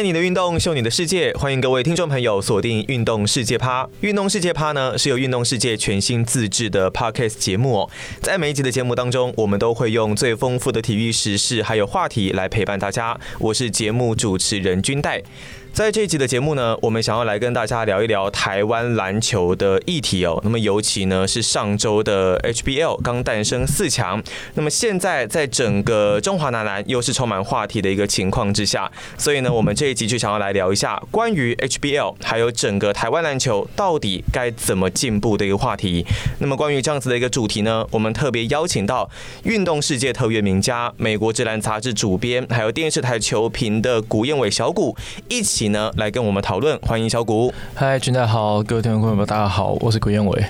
愛你的運動，秀你的世界，歡迎各位聽眾朋友鎖定《運動世界趴》。《運動世界趴》呢，是由《運動世界》全新自制的 podcast 節目哦。在每一集的節目當中，我們都會用最豐富的體育時事還有話題來陪伴大家。我是節目主持人君代。在這一集的節目呢，我們想要來跟大家聊一聊台灣籃球的議題哦、喔。那麼尤其呢是上周的 HBL 剛誕生四強，那麼現在在整個中華男籃又是充滿話題的一個情況之下，所以呢我們這一集就想要來聊一下關於 HBL 還有整個台灣籃球到底該怎麼進步的一個話題。那麼關於這樣子的一個主題呢，我們特別邀請到運動世界特約名家、美國職籃雜誌主編，還有電視台球評的古硯偉小古一起，呢，來跟我們討論，歡迎小古。嗨，群大好，各位聽眾朋友們，大家好，我是古硯偉。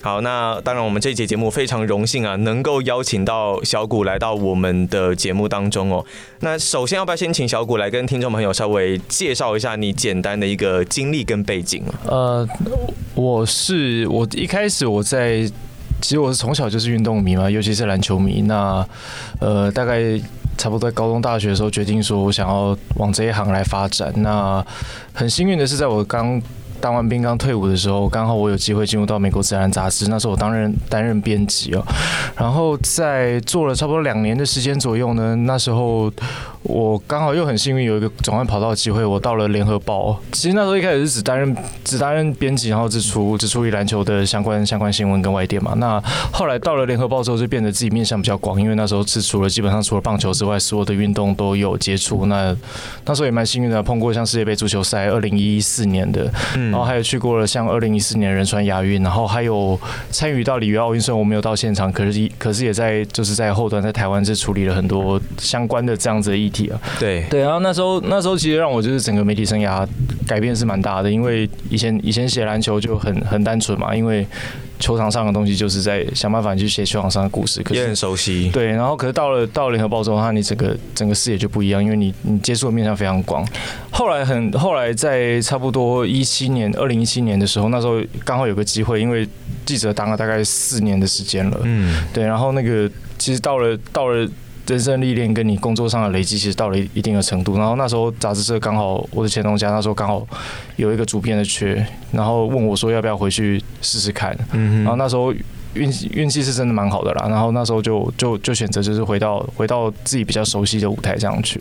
好，那當然，我們這節節目非常榮幸啊，能夠邀請到小古來到我們的節目當中哦。那首先，要不要先請小古來跟聽眾朋友稍微介紹一下你簡單的一個經歷跟背景？呃，我是我一開始我在，其實我是從小就是運動迷嘛，尤其是籃球迷。那呃，大概。差不多在高中、大學的時候，決定說我想要往這一行來發展。那很幸運的是，在我剛當完兵、剛退伍的時候，剛好我有機會進入到《美國職籃雜誌》，那時候我擔任擔任編輯哦。然後在做了差不多兩年的時間左右呢，那時候。我剛好又很幸運有一個轉換跑道的機會，我到了聯合報。其實那時候一開始是只擔任只擔任編輯，然後只出只處理籃球的相關相關新聞跟外電嘛。那後來到了聯合報之後，就變得自己面向比較廣，因為那時候是除了基本上除了棒球之外，所有的運動都有接觸。那那時候也蠻幸運的，碰過像世界杯足球賽，二零一四年的，然後還有去過了像二零一四年仁川亞運，然後還有參與到里約奧運，雖然我沒有到現場，可是可是也在就是在後端在台灣是處理了很多相關的這樣子的意。對對，然後那時候那時候其實讓我就是整個媒體生涯改變是蠻大的，因為以前以前寫籃球就很很單純嘛，因為球場上的東西就是在想辦法去寫球場上的故事可是，也很熟悉。對，然後可是到了到聯合報之後，那你整個整個視野就不一樣，因為你你接觸的面向非常廣。後來很後來在差不多一七年二零一七年的時候，那時候剛好有個機會，因為記者當了大概四年的時間了。嗯，對，然後那個其實到了到了。人生歷練跟你工作上的累積，其實到了一,一定的程度。然後那時候雜誌社剛好，我的前東家，那時候剛好有一個主編的缺，然後問我說要不要回去試試看。嗯，然後那時候運氣運氣是真的蠻好的啦。然後那時候就就就選擇就是回到回到自己比較熟悉的舞台上去。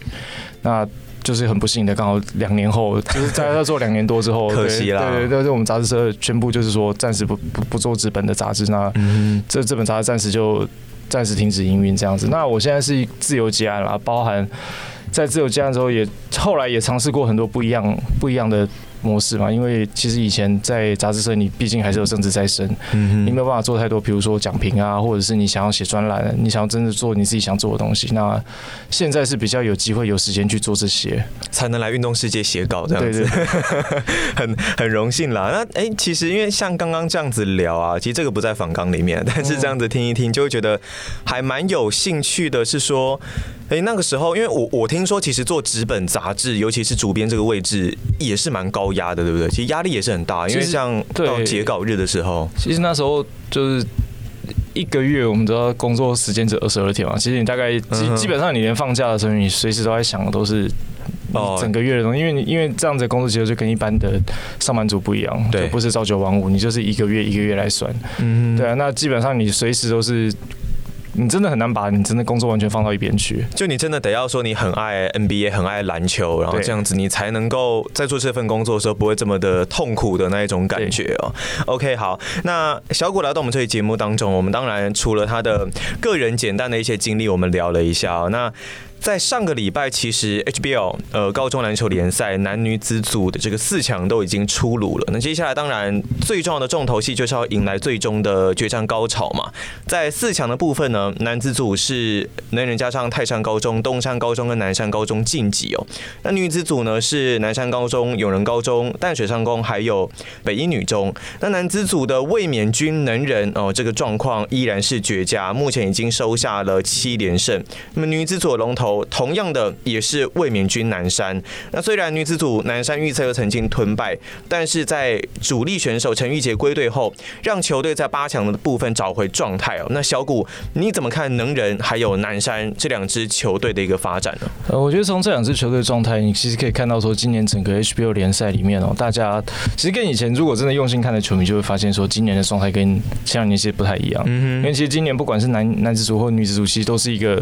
那就是很不幸的，剛好兩年後，就是在在 做兩年多之後，可惜啦。對對對，我們雜誌社宣布就是說暫時不不不做紙本的雜誌。那這、嗯、這本雜誌暫時就。暫時停止營運這樣子。那我現在是自由接案了，包含在自由接案之後也，也後來也嘗試過很多不一樣不一樣的。模式嘛，因為其實以前在雜誌社，你畢竟還是有政治在身、嗯，你沒有辦法做太多，比如說講評啊，或者是你想要寫專欄，你想要真的做你自己想做的東西。那現在是比較有機會，有時間去做這些，才能來《運動世界》寫稿。這樣子，對對對對 很很榮幸啦。那哎、欸，其實因為像剛剛這樣子聊啊，其實這個不在訪綱裡面，但是這樣子聽一聽，就會覺得還蠻有興趣的。是說，哎、欸，那個時候，因為我我聽說，其實做紙本雜誌，尤其是主編這個位置，也是蠻高的。壓的對不對？其實壓力也是很大，因為像到截稿日的時候，其實那時候就是一個月，我們知道工作時間只有二十二天嘛。其實你大概基基本上你連放假的時候，你隨時都在想的都是整個月的東西，因為你因為這樣子的工作節奏就跟一般的上班族不一樣，對，就不是朝九晚五，你就是一個月一個月來算，嗯，對啊，那基本上你隨時都是。你真的很難把你真的工作完全放到一邊去，就你真的得要說你很愛 NBA，很愛籃球，然後這樣子你才能夠在做這份工作的時候不會這麼的痛苦的那一種感覺哦，喔。OK，好，那小古來到我們這期節目當中，我們當然除了他的個人簡單的一些經歷，我們聊了一下喔，那。在上個禮拜，其實 HBL 呃高中籃球聯賽男女子組的這個四強都已經出爐了。那接下來當然最重要的重頭戲就是要迎來最終的決戰高潮嘛。在四強的部分呢，男子組是能仁加上泰山高中、東山高中跟南山高中晉級哦、喔。那女子組呢是南山高中、永仁高中、淡水商工還有北一女中。那男子組的衛冕軍能仁哦、喔，這個狀況依然是絕佳，目前已經收下了七連勝。那麼女子組的龍頭，同樣的也是衛冕軍南山。那雖然女子組南山預測又曾經吞敗，但是在主力選手陳玉潔歸隊後，讓球隊在八強的部分找回狀態哦。那小古你怎麼看能人還有南山這兩支球隊的一個發展呢？呃，我覺得從這兩支球隊的狀態，你其實可以看到說，今年整個 HBL 聯賽裡面哦、喔，大家其實跟以前如果真的用心看的球迷就會發現說，今年的狀態跟前兩年其實不太一樣。嗯哼。因為其實今年不管是男男子組或女子組，其實都是一個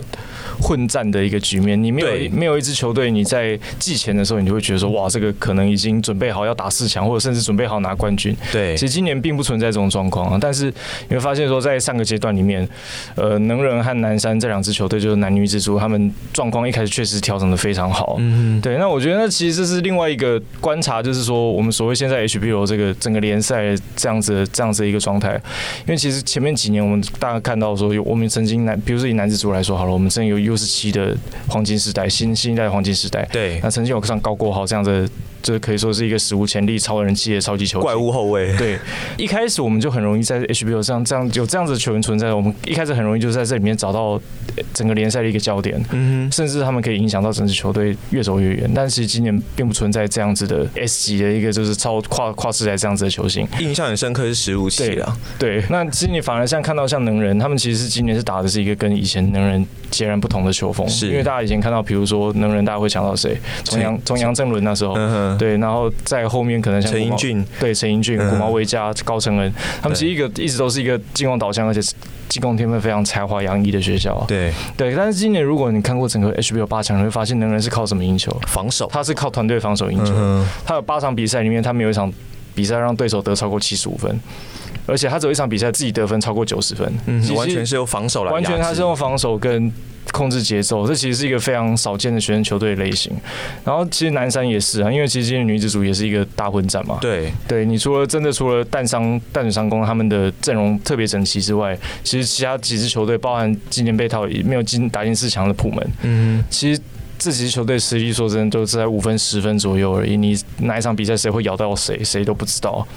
混戰的一個。局面，你沒有沒有一支球隊你在季前的時候，你就會覺得說哇，這個可能已經準備好要打四強，或者甚至準備好拿冠軍。對，其實今年並不存在這種狀況啊。但是你會發現說，在上個階段裡面，呃，能仁和南山這兩支球隊就是男女子組，他們狀況一開始確實調整得非常好。嗯對，那我覺得那其實這是另外一個觀察，就是說我們所謂現在 HBL 這個整個聯賽這樣子的這樣子的一個狀態，因為其實前面幾年我們大家看到說有我們曾經男，比如說以男子組來說，好了，我們曾經有 U 十七的。黃金時代，新新一代黃金時代，對，那曾經有上高過好這樣子。就是可以說是一個史無前例超人氣的超級球星怪物後衛。對，一開始我們就很容易在 HBL 上這樣有這樣子的球員存在，我們一開始很容易就在這裡面找到整個聯賽的一個焦點，嗯哼，甚至他們可以影響到整支球隊越走越遠。但是今年並不存在這樣子的 S 級的一個就是超跨跨時代這樣子的球星。印象很深刻是史無前例的，對。那其實你反而像看到像能人，他們其實是今年是打的是一個跟以前能人截然不同的球風，是。因為大家以前看到，比如說能人，大家會想到誰？從楊從楊振倫那時候。嗯哼對，然後在後面可能像陳英俊，對陳英俊、古毛威加、嗯、高承恩，他們其實一個一直都是一個進攻導向，而且進攻天分非常才華洋溢的學校啊。對，對，但是今年如果你看過整個 HBL 八強，你會發現仍然是靠什麼贏球？防守。他是靠團隊防守贏球，嗯嗯。他有八場比賽裡面，他沒有一場比賽讓對手得超過七十五分。而且他只有一場比賽自己得分超過九十分，完全是由防守來完全，他是用防守跟控制節奏，嗯哼，嗯，這其實是一個非常少見的學生球隊類型。然後其實南山也是啊，因為其實今天女子組也是一個大混戰嘛。對對，你除了真的除了淡商、淡水商工他們的陣容特別整齊之外，其實其他幾支球隊，包含今年被套，也沒有進打進四強的普門。嗯，其實這幾支球隊實力說真的就是在五分、十分左右而已。你哪一場比賽誰會咬到誰，誰都不知道。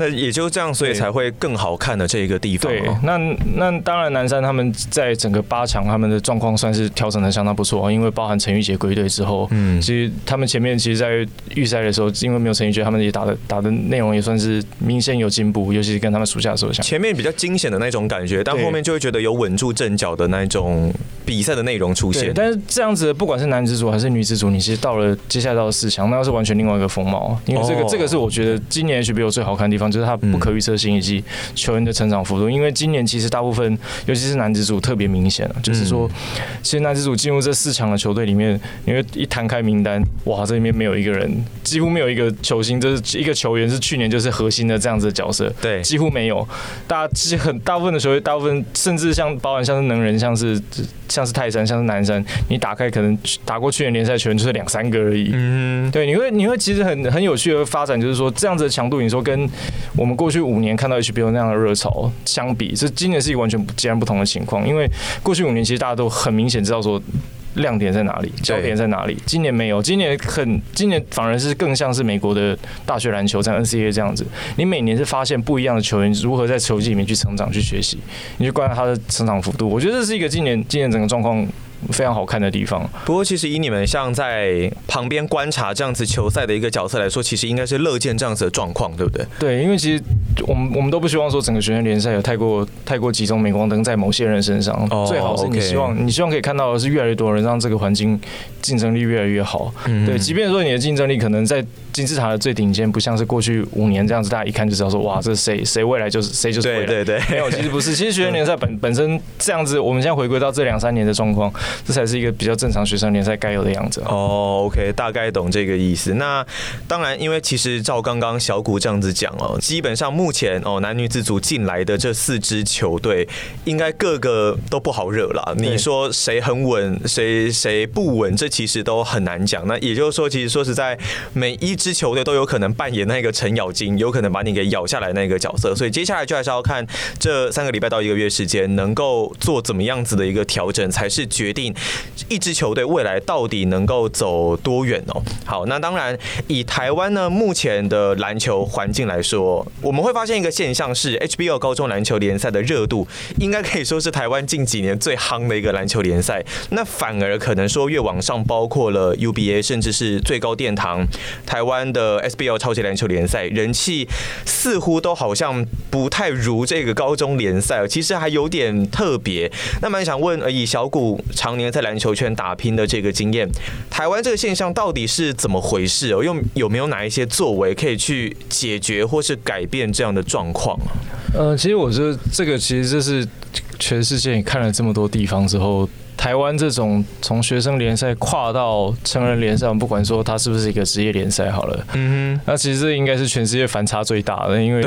那也就這樣，所以才會更好看的這一個地方。對，那那當然，南山他們在整個八強，他們的狀況算是調整的相當不錯，因為包含陳玉潔歸隊之後，嗯，其實他們前面其實，在預賽的時候，因為沒有陳玉潔，他們也打的打的內容也算是明顯有進步，尤其是跟他們暑假的時候前面比較驚險的那種感覺，但後面就會覺得有穩住陣腳的那一種比賽的內容出現。但是這樣子，不管是男子組還是女子組，你其實到了接下來到了四強，那是完全另外一個風貌，因為這個、哦、這個是我覺得今年 HBL 最好看的地方。就是它不可預測性以及球員的成長幅度，因為今年其實大部分，尤其是男子組特別明顯了。就是說，其實男子組進入這四強的球隊裡面，因為一攤開名單，哇，這裡面沒有一個人，幾乎沒有一個球星，就是一個球員是去年就是核心的這樣子的角色，對，幾乎沒有。大家其實很大部分的球隊，大部分甚至像，包含像是能仁，像是像是泰山，像是南山，你打開可能打過去年聯賽球員就是兩三個而已。嗯，對，你會你會其實很很有趣的發展，就是說，這樣子的強度，你說跟我們過去五年看到 HBL 那樣的熱潮，相比是今年是一個完全截然不同的情況。因為過去五年其實大家都很明顯知道說亮點在哪裡，焦點在哪裡。今年沒有，今年很今年反而是更像是美國的大學籃球在 NCAA 這樣子。你每年是發現不一樣的球員如何在球技裡面去成長去學習，你去觀察他的成長幅度。我覺得這是一個今年今年整個狀況。非常好看的地方。不過，其實以你們像在旁邊觀察這樣子球賽的一個角色來說，其實應該是樂見這樣子的狀況，對不對？對，因為其實我們我們都不希望說整個學院聯賽有太過太過集中鎂光燈在某些人身上。哦，最好是你希望、okay、你希望可以看到的是越來越多人讓這個環境競爭力越來越好。嗯，對，即便說你的競爭力可能在。金字塔的最頂尖，不像是過去五年這樣子，大家一看就知道說，哇，這誰誰未來就是誰就是未來。對對對，沒有，其實不是，其實學生聯賽本、嗯、本身這樣子，我們現在回歸到這兩三年的狀況，這才是一個比較正常學生聯賽該有的樣子。哦、oh，OK，大概懂這個意思。那當然，因為其實照剛剛小古這樣子講哦，基本上目前哦，男女子組進來的這四支球隊，應該個個都不好惹啦。你說誰很穩，誰誰不穩，這其實都很難講。那也就是說，其實說實在，每一。支球隊都有可能扮演那個程咬金，有可能把你給咬下來那個角色，所以接下來就還是要看這三個禮拜到一個月時間能夠做怎麼樣子的一個調整，才是決定一支球隊未來到底能夠走多遠哦、喔。好，那當然以台灣呢目前的籃球環境來說，我們會發現一個現象是 HBL 高中籃球聯賽的熱度應該可以說是台灣近幾年最夯的一個籃球聯賽，那反而可能說越往上，包括了 UBA 甚至是最高殿堂台灣。台灣的 SBL 超級籃球聯賽人氣似乎都好像不太如這個高中聯賽，其實還有點特別。那蠻想問，以小古常年在籃球圈打拼的這個經驗，台灣這個現象到底是怎麼回事？哦，又有沒有哪一些作為可以去解決或是改變這樣的狀況啊？呃，其實我覺得這個其實就是全世界你看了這麼多地方之後。台灣這種從學生聯賽跨到成人聯賽，我們不管說它是不是一個職業聯賽，好了，嗯哼，那其實這應該是全世界反差最大的，因為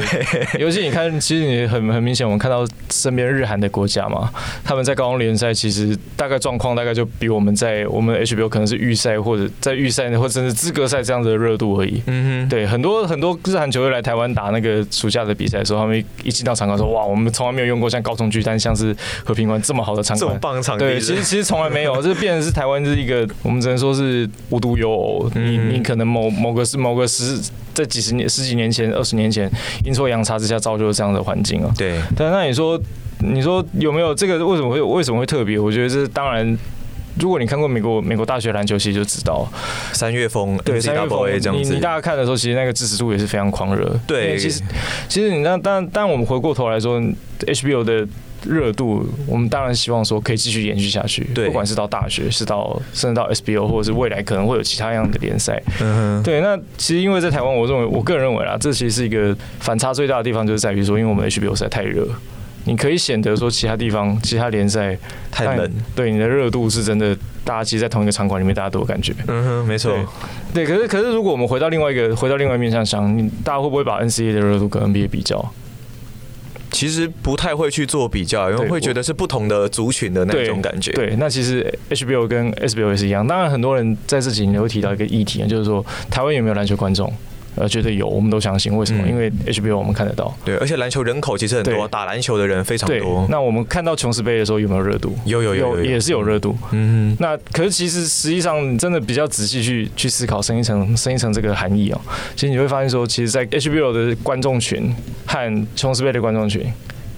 尤其你看，其實你很很明顯，我們看到身邊日韓的國家嘛，他們在高中聯賽其實大概狀況大概就比我們在我們 HBL 可能是預賽或者在預賽或者甚至資格賽這樣子的熱度而已，嗯哼，對，很多很多日韓球隊來台灣打那個暑假的比賽的時候，他們一進到場館說，哇，我們從來沒有用過像高雄巨蛋、像是和平館這麼好的場館，這麼棒的場地，對，其實。 其實從來沒有，這變成是台灣是一個，我們只能說是無獨有偶、嗯。你你可能某某個是某個十在幾十年十幾年前二十年前陰錯陽差之下造就了這樣的環境啊。對，但那你說你說有沒有這個為什麼會為什麼會特別？我覺得這是當然，如果你看過美國美國大學籃球，其實就知道三月瘋對三月瘋這樣子。對你你大家看的時候，其實那個支持度也是非常狂熱。對，其實其實你那但但我們回過頭來說，HBL 的。熱度，我們當然希望說可以繼續延續下去。對，不管是到大學，是到甚至到 SBL，或者是未來可能會有其他樣的聯賽。嗯哼，對。那其實因為在台灣，我認為我個人認為啊，這其實是一個反差最大的地方，就是在於說，因為我們 HBL 賽太熱，你可以顯得說其他地方其他聯賽太冷。對，你的熱度是真的，大家其實，在同一個場館裡面，大家都有感覺。嗯哼，沒錯。對，可是可是，如果我們回到另外一個，回到另外一面向，像你大家會不會把 NCA 的熱度跟 NBA 比較？其實不太會去做比較，因為會覺得是不同的族群的那種感覺。對，對那其實 HBL 跟 SBL 也是一樣。當然，很多人在這幾年有提到一個議題啊、嗯，就是說台灣有沒有籃球觀眾？呃，覺得有，我們都相信。為什麼？嗯、因為 HBL 我們看得到，對。而且籃球人口其實很多、啊，打籃球的人非常多。那我們看到瓊斯杯的時候有沒有熱度？有有有，有有有，也是有熱度。嗯。那可是其實實際上真的比較仔細去去思考層，深一層深一層這個含義哦、喔。其實你會發現說，其實，在 HBL 的觀眾群和瓊斯杯的觀眾群，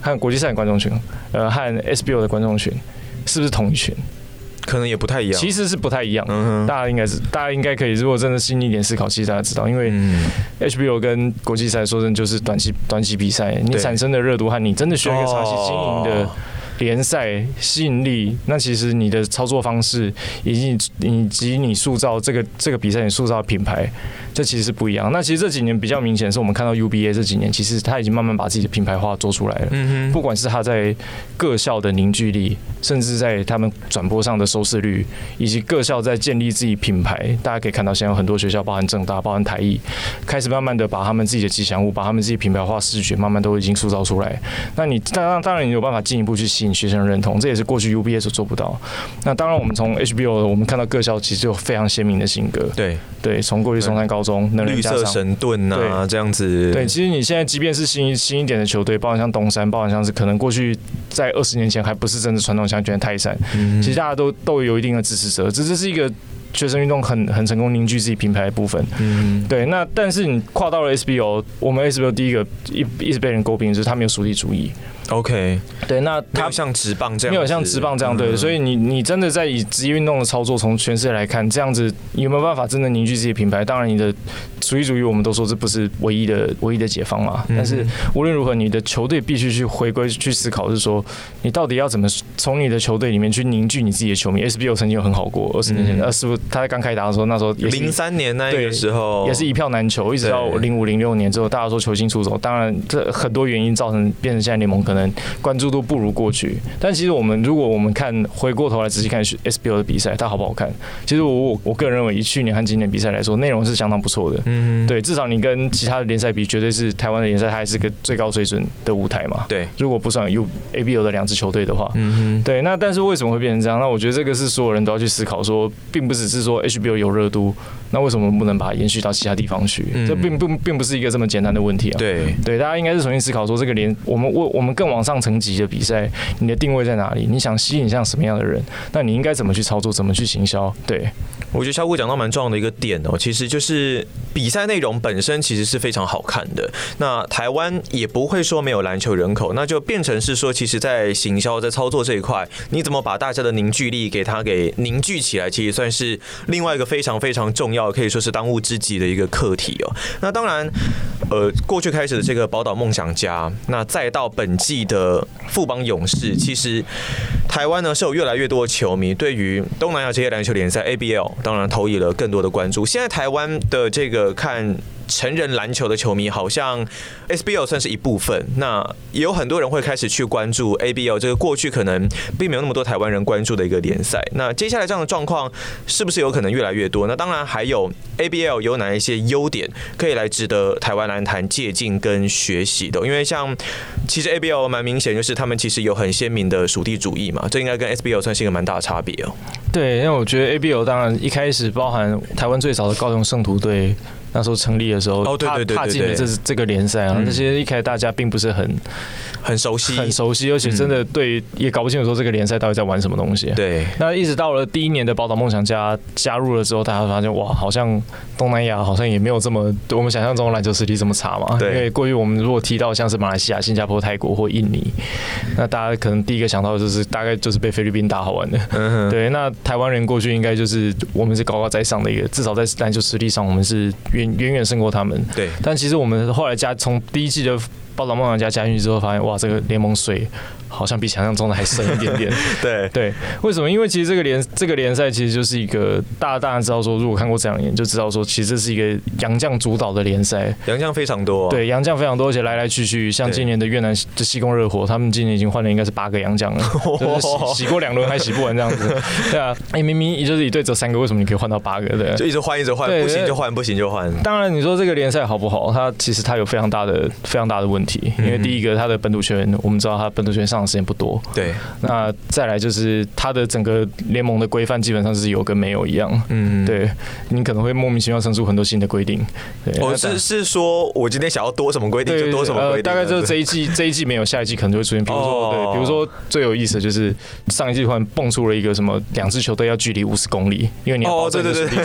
和國際賽的觀眾群，呃，和 SBL 的觀眾群，是不是同一群？可能也不太一樣，其實是不太一樣。嗯哼，大家應該是，大家應該可以。如果真的細膩一點思考，其實大家知道，因為 HBL 跟國際賽說真的就是短期短期比賽，你產生的熱度和你真的需要一個長期經營的聯賽、哦、吸引力，那其實你的操作方式以及以及你塑造這個這個比賽，你塑造的品牌。這其實是不一樣。那其實這幾年比較明顯的是，我們看到 UBA 這幾年，其實他已經慢慢把自己的品牌化做出來了。嗯哼。不管是他在各校的凝聚力，甚至在他們轉播上的收視率，以及各校在建立自己品牌，大家可以看到，現在有很多學校，包含政大、包含台藝，開始慢慢的把他們自己的吉祥物，把他們自己品牌化視覺，慢慢都已經塑造出來。那你那當然，你有辦法進一步去吸引學生的認同，這也是過去 UBA 所做不到。那當然，我們從 HBL 我們看到各校其實有非常鮮明的性格。對對，從過去松山高中。中綠色神盾吶、啊，這樣子。對，其實你現在即便是新新一點的球隊，包括像東山，包括像是可能過去在二十年前還不是真的傳統強權泰山，嗯，其實大家都都有一定的支持者。這這是一個學生運動很很成功凝聚自己品牌的部分。嗯，對。那但是你跨到了 SBL，我們 SBL 第一個一一直被人詬病就是他沒有屬地主義。OK，對，那他像職棒，棒這樣，沒有像職棒這樣對、嗯，所以你你真的在以職業運動的操作，從全世界來看，這樣子有沒有辦法真的凝聚自己的品牌？當然，你的主義主義，我們都說這不是唯一的唯一的解方嘛。嗯、但是無論如何，你的球隊必須去回歸去思考，是說你到底要怎麼從你的球隊裡面去凝聚你自己的球迷。SBL 曾經有很好過，二十年前 s p 他在剛開打的時候，那時候零三年那那個時候也是一票難求，一直到零五零六年之後，大家說球星出走，當然這很多原因造成變成現在聯盟可能。可能關注度不如過去，但其實我們如果我們看回過頭來仔細看 SBL 的比賽，它好不好看？其實我我我個人認為，以去年和今年比賽來說，內容是相當不錯的。嗯，對，至少你跟其他的聯賽比，絕對是台灣的聯賽，它還是個最高水準的舞台嘛。對，如果不算有 ABL 的兩支球隊的話。嗯，對，那但是為什麼會變成這樣？那我覺得這個是所有人都要去思考說，說並不只是說 HBL 有熱度。那為什麼不能把它延續到其他地方去？嗯、這並並並不是一個這麼簡單的問題啊。對對，大家應該是重新思考說，這個聯我們我我們更往上層級的比賽，你的定位在哪裡？你想吸引像什麼樣的人？那你應該怎麼去操作？怎麼去行銷？對我覺得小古講到蠻重要的一個點哦、喔，其實就是。比賽內容本身其實是非常好看的。那台灣也不會說沒有籃球人口，那就變成是說，其實，在行銷在操作這一塊，你怎麼把大家的凝聚力給他給凝聚起來，其實算是另外一個非常非常重要，可以說是當務之急的一個課題哦、喔。那當然，呃，過去開始的這個寶島夢想家，那再到本季的富邦勇士，其實台灣呢是有越來越多球迷對於東南亞職業籃球聯賽 ABL，當然投以了更多的關注。現在台灣的這個。看。成人籃球的球迷好像 SBL 算是一部分，那也有很多人會開始去關注 ABL 這個過去可能並沒有那麼多台灣人關注的一個聯賽。那接下來這樣的狀況是不是有可能越來越多？那當然還有 ABL 有哪一些優點可以來值得台灣籃壇借鑑跟學習的？因為像其實 ABL 蠻明顯就是他們其實有很鮮明的屬地主義嘛，這應該跟 SBL 算是一個蠻大的差別哦。對，因為我覺得 ABL 當然一開始包含台灣最早的高雄聖徒隊。那時候成立的時候，oh, 對對對對對對踏踏進了這這個聯賽啊，那、嗯、些一開始大家並不是很很熟悉，很熟悉，而且真的對、嗯、也搞不清楚說這個聯賽到底在玩什麼東西、啊。對，那一直到了第一年的寶島夢想家加入了之後，大家發現哇，好像東南亞好像也沒有這麼我們想象中的籃球實力這麼差嘛。對，因為過去我們如果提到像是馬來西亞、新加坡、泰國或印尼，那大家可能第一個想到的就是大概就是被菲律賓打好玩的。嗯、哼對，那台灣人過去應該就是我們是高高在上的一個，至少在籃球實力上我們是越。遠遠勝過他們。對，但其實我們後來加從第一季就。把老夢想家加進去之後，發現哇，這個聯盟水好像比想象中的還深一點點。 對對，為什麼？因為其實這個聯這個聯賽其實就是一個大家當然知道說，如果看過這兩年就知道說，其實這是一個洋將主導的聯賽，洋將非常多，啊。對，洋將非常多，而且來來去去，像今年的越南就西貢熱火，他們今年已經換了應該是八個洋將了，哦， 洗過兩輪還洗不完這樣子。 對啊，哎，欸，明明也就是一隊只有三個，為什麼你可以換到八個？對，啊，就一直換一直換，不行就換，不行就換。當然你說這個聯賽好不好？它其實它有非常大的非常大的問題。因為第一個，他的本土球員、嗯嗯，我們知道他本土球員上的時間不多。對，那再來就是他的整個聯盟的規範，基本上是有跟沒有一樣。嗯，對你可能會莫名其妙生出很多新的規定。我、哦、是是說，我今天想要多什麼規定就多什麼規定。呃，大概就是這一季 這一季沒有，下一季可能就會出現。比如說、哦，對，比如說最有意思的就是上一季突然蹦出了一個什麼，兩支球隊要距離五十公里，因為你要哦，對，對對對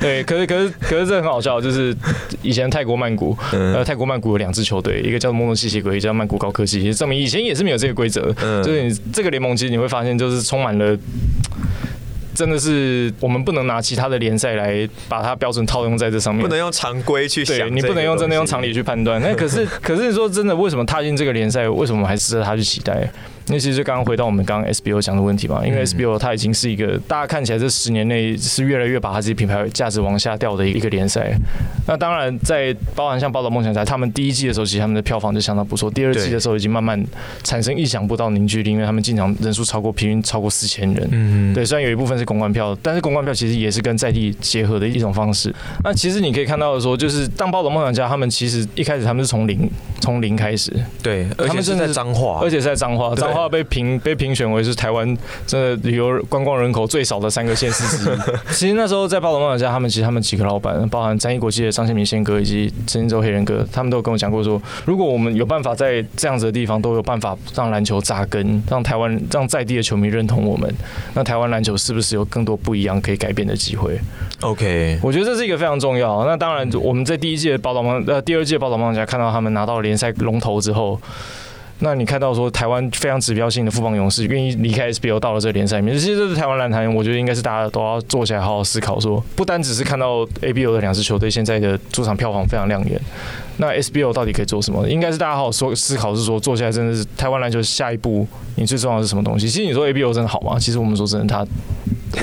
對，可是可是可是這很好笑，就是以前泰國曼谷，嗯、呃，泰國曼谷有兩支球隊，一個叫做東吸血鬼一家曼谷高科技，其實證明以前也是沒有這個規則，嗯，就是你這個聯盟，其實你會發現就是充滿了。真的是我們不能拿其他的聯賽來把它標準套用在這上面，不能用常規去想，你不能用真的用常理去判斷。那 可是可是你說真的為，為什麼踏進這個聯賽，為什麼還值得他去期待？那其實剛剛回到我們剛剛 SBL 講的問題嘛，因為 SBL 它已經是一個、嗯、大家看起來這十年內是越來越把它自己品牌價值往下掉的一個聯賽。那當然在包含像《寶島夢想家》他們第一季的時候，其實他們的票房就相當不錯；第二季的時候已經慢慢產生意想不到凝聚力，因為他們進場人數超過平均超過四千人。嗯，對，雖然有一部分是。公關票，但是公關票其實也是跟在地結合的一種方式。那其實你可以看到的說，就是當寶島夢想家他們其實一開始他們是從零從零開始，對，而且是在彰化，而且是在彰化，彰化被評被評選為是台灣真的旅遊觀光人口最少的三個縣市之一。 其實那時候在寶島夢想家，他們其實他們幾個老闆，包含展逸國際的張憲銘、憲哥以及陳建州黑人哥，他們都跟我講過說，如果我們有辦法在這樣子的地方都有辦法讓籃球紮根，讓台灣讓在地的球迷認同我們，那台灣籃球是不是？有更多不一樣可以改變的機會。OK，我覺得這是一個非常重要。那當然，我們在第一屆的寶島夢，呃，第二屆的寶島夢想家看到他們拿到聯賽龍頭之後。那你看到說台灣非常指標性的富邦勇士願意離開 SBL 到了這個聯賽裡面，其實這是台灣籃壇，我覺得應該是大家都要坐下來好好思考，說不單只是看到 A B O 的兩支球隊現在的主場票房非常亮眼，那 S B L 到底可以做什麼？應該是大家好好說思考，是說坐下來真的是台灣籃球下一步你最重要的是什麼東西？其實你說 A B O 真的好嗎？其實我們說真的，他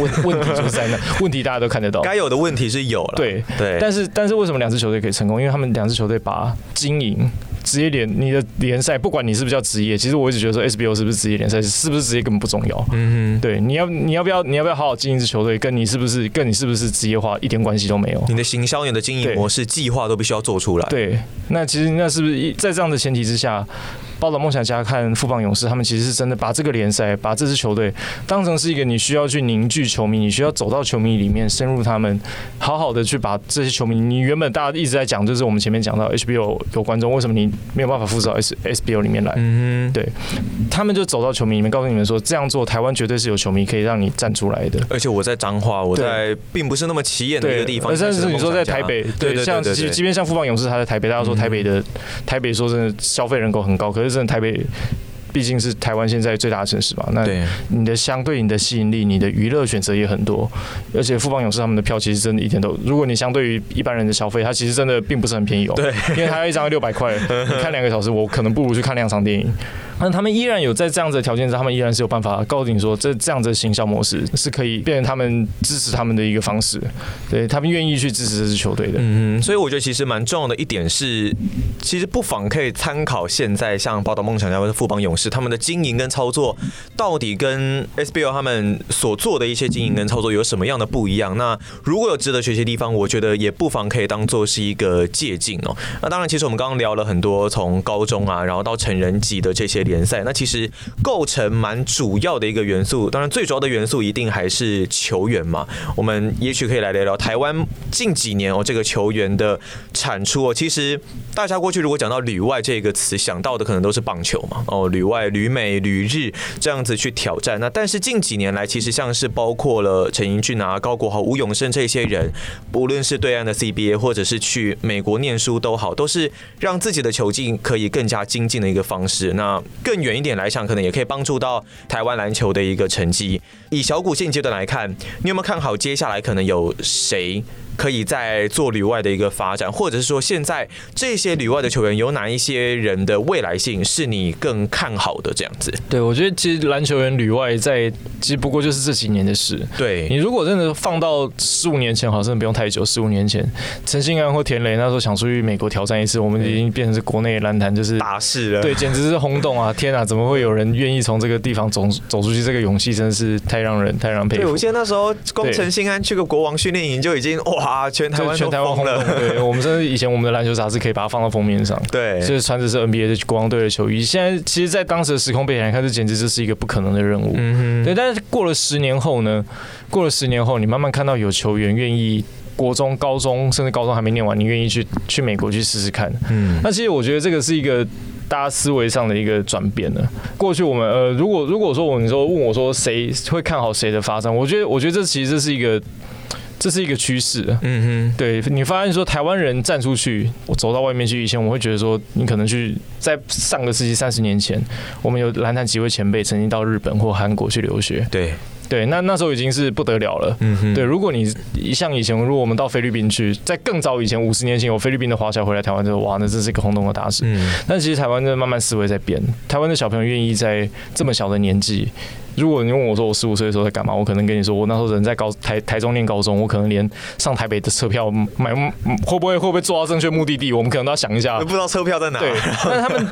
問問題就在那 問題大家都看得到，該有的問題是有了對，對對，但是但是為什麼兩支球隊可以成功？因為他們兩支球隊把經營。職業聯，你的聯賽不管你是不是叫職業，其實我一直覺得說 SBL 是不是職業聯賽，是不是職業根本不重要。嗯哼，對，你要你要不要你要不要好好經營一支球隊，跟你是不是跟你是不是職業化一點關係都沒有。你的行銷、你的經營模式、計劃都必須要做出來。對，那其實那是不是在這樣的前提之下？寶島夢想家看富邦勇士，他們其實是真的把這個聯賽、把這支球隊當成是一個你需要去凝聚球迷，你需要走到球迷裡面，深入他們，好好的去把這些球迷。你原本大家一直在講，就是我們前面講到 HBL 有觀眾，為什麼你沒有辦法複製到 SBL 裡面來？嗯，對，他們就走到球迷裡面，告訴你們說這樣做，台灣絕對是有球迷可以讓你站出來的。而且我在彰化，我在並不是那麼起眼的一個地方，但是你說在台北，對，對，像即便像富邦勇士，他在台北，大家說台北的、嗯、台北說真的消費人口很高，可是。真的台北畢竟是台灣現在最大的城市嘛。那你的相對你的吸引力，你的娛樂選擇也很多，而且富邦勇士他們的票其實真的一點都，一天都如果你相對於一般人的消費，它其實真的並不是很便宜哦。對，因為它要一張六百塊， 你看兩個小時，我可能不如去看兩場電影。但他們依然有在這樣子的條件下，他們依然是有辦法告訴你說，這這樣子的行銷模式是可以變成他們支持他們的一個方式，對，他們願意去支持這支球隊的。嗯嗯。所以我覺得其實蠻重要的一點是，其實不妨可以參考現在像寶島夢想家或者富邦勇士他們的經營跟操作，到底跟 SBL 他們所做的一些經營跟操作有什麼樣的不一樣？那如果有值得學習的地方，我覺得也不妨可以當作是一個借鏡哦、喔。那當然，其實我們剛剛聊了很多從高中啊，然後到成人級的這些。聯賽，那其實構成蠻主要的一個元素，當然最主要的元素一定還是球員嘛。我們也許可以來聊聊台灣近幾年哦、喔，這個球員的產出哦、喔。其實大家過去如果講到旅外這個詞，想到的可能都是棒球嘛，哦、喔，旅外、旅美、旅日這樣子去挑戰。那但是近幾年來，其實像是包括了陳盈駿啊、高國豪、吳永盛這些人，無論是對岸的 CBA，或者是去美國念書都好，都是讓自己的球技可以更加精進的一個方式。那更遠一點來講，可能也可以幫助到台灣籃球的一個成績。以小古現階段來看，你有沒有看好接下來可能有誰？可以在做旅外的一個發展，或者是說現在這些旅外的球員有哪一些人的未來性是你更看好的這樣子？對我覺得其實籃球員旅外在其實不過就是這幾年的、就、事、是。對你如果真的放到十五年前，好像不用太久，十五年前陳信安或田壘那時候想出去美國挑戰一次，我們已經變成是國內籃壇就是大事了，對，簡直是轟動啊！ 天啊，怎麼會有人願意從這個地方走走出去？這個勇氣真的是太讓人太讓人佩服。對我記得那時候光陳信安去個國王訓練營就已經哇。啊！全台灣都瘋了，對全台轟轟，對， 我們甚至以前我們的籃球雜誌可以把它放到封面上，對，就是穿着是 NBA 的國王隊的球衣。現在其實，在當時的時空背景來看，這簡直就是一個不可能的任務，嗯哼。對，但是過了十年後呢？過了十年後，你慢慢看到有球員願意國中、高中，甚至高中還沒念完，你願意去去美國去試試看，嗯。那其實我覺得這個是一個大家思維上的一個轉變呢。過去我們呃，如果如果說我你說問我說誰會看好誰的發展，我覺得我覺得這其實這是一個。這是一個趨勢。嗯哼，對你發現說台灣人站出去，我走到外面去以前，我會覺得說你可能去在上個世紀三十年前，我們有籃壇幾位前輩曾經到日本或韓國去留學。對對，那那時候已經是不得了了。嗯哼，對，如果你像以前，如果我們到菲律賓去，在更早以前五十年前，有菲律賓的華僑回來台灣之後，哇，那真是一個轟動的大事。嗯，但其實台灣的慢慢思維在變，台灣的小朋友願意在這麼小的年紀。如果你問我說，我十五歲的時候在幹嘛，我可能跟你說我那時候人在高台台中念高中，我可能連上台北的車票買會不會會不會坐到正確目的地，我們可能都要想一下，不知道車票在哪兒。對，但他們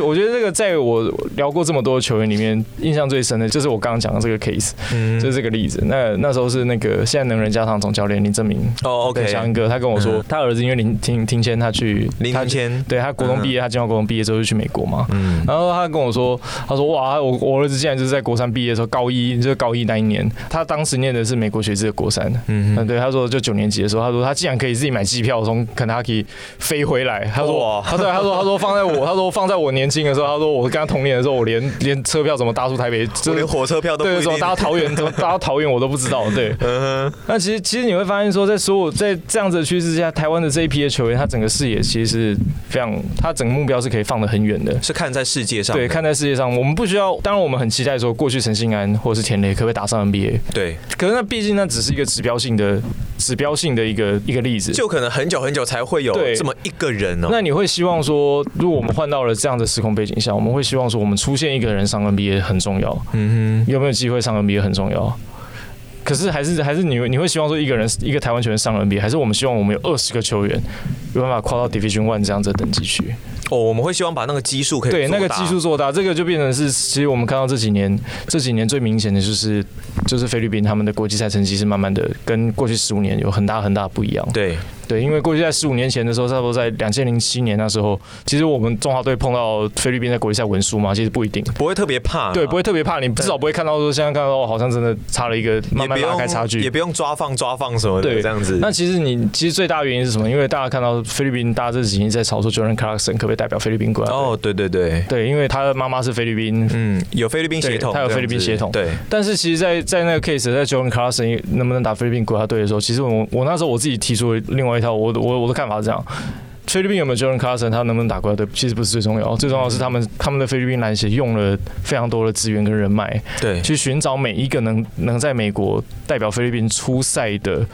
我覺得這個在我聊過這麼多的球員裡面印象最深的就是我剛剛講的這個 case，嗯，就是這個例子。那那時候是那個現在能仁家商總教練林正明哦，OK，翔哥，他跟我說、嗯、他兒子因為林庭庭謙他去庭謙。對他國中畢業，嗯、他進到國中畢業之後就去美國嘛，嗯，然後他跟我說，他說，哇我我兒子竟然就是在國三畢。畢業的時候，高一就是，高一那一年，他當時念的是美國學制的國三。嗯對，他說就九年級的時候，他說他竟然可以自己買機票從肯塔基飛回來，他說，他說，他說，他說放在我， 他說放在我年輕的時候，他說我跟他同年的時候，我連連車票怎麼搭出台北，就是，連火車票都不，怎麼搭桃園，怎麼搭到桃園我都不知道。對，嗯、哼那其實其實你會發現說在，在所有在這樣子的趨勢下，台灣的這一批的球員，他整個視野其實是非常，他整個目標是可以放得很遠的，是看在世界上，對，看在世界上，我們不需要，當然我們很期待說過去成。信安、或者是田壘，可不可以打上 NBA？對，可是那畢竟那只是一個指標性的、指標性的一個一個例子，就可能很久很久才會有這麼一個人哦。那你會希望說，如果我們換到了這樣的時空背景下，我們會希望說，我們出現一個人上 NBA 很重要。嗯哼，有沒有機會上 NBA 很重要？可是還是還是你你會希望說一個人一個台灣球員上 NBA，還是我們希望我們有二十個球員有辦法跨到 Division One 這樣子的等級去？哦，我們會希望把那個基數可以做大。對那個基數做大，這個就變成是其實我們看到這幾年這幾年最明顯的就是就是菲律賓他們的國際賽成績是慢慢的跟過去十五年有很大很大不一樣。對。對，因為過去在十五年前的時候，差不多在2千零七年那時候，其實我們中華隊碰到菲律賓在國際賽穩輸嘛，其實不一定，不會特別怕，對，不會特別怕，你至少不會看到說現在看到哦，好像真的差了一個慢慢拉開差距也，也不用抓放抓放什麼的，對，這樣子。那其實你其實最大原因是什麼？因為大家看到菲律賓，大家這幾年在炒作 Jordan Clarkson 可不可以代表菲律賓國家隊哦，對對對對，因為他的媽媽是菲律賓，嗯，有菲律賓血統，他有菲律賓血統，對。但是其實在，在在那個 case，在 Jordan Clarkson 能不能打菲律賓國家隊的時候，其實我我那時候我自己提出了另外。那我我我的看法是這樣，菲律賓有沒有 John c a r s o n 他能不能打過來？對，其實不是最重要，最重要的是他們他們的菲律賓籃協用了非常多的資源跟人脈，對，去尋找每一個能能在美國代表菲律賓出賽的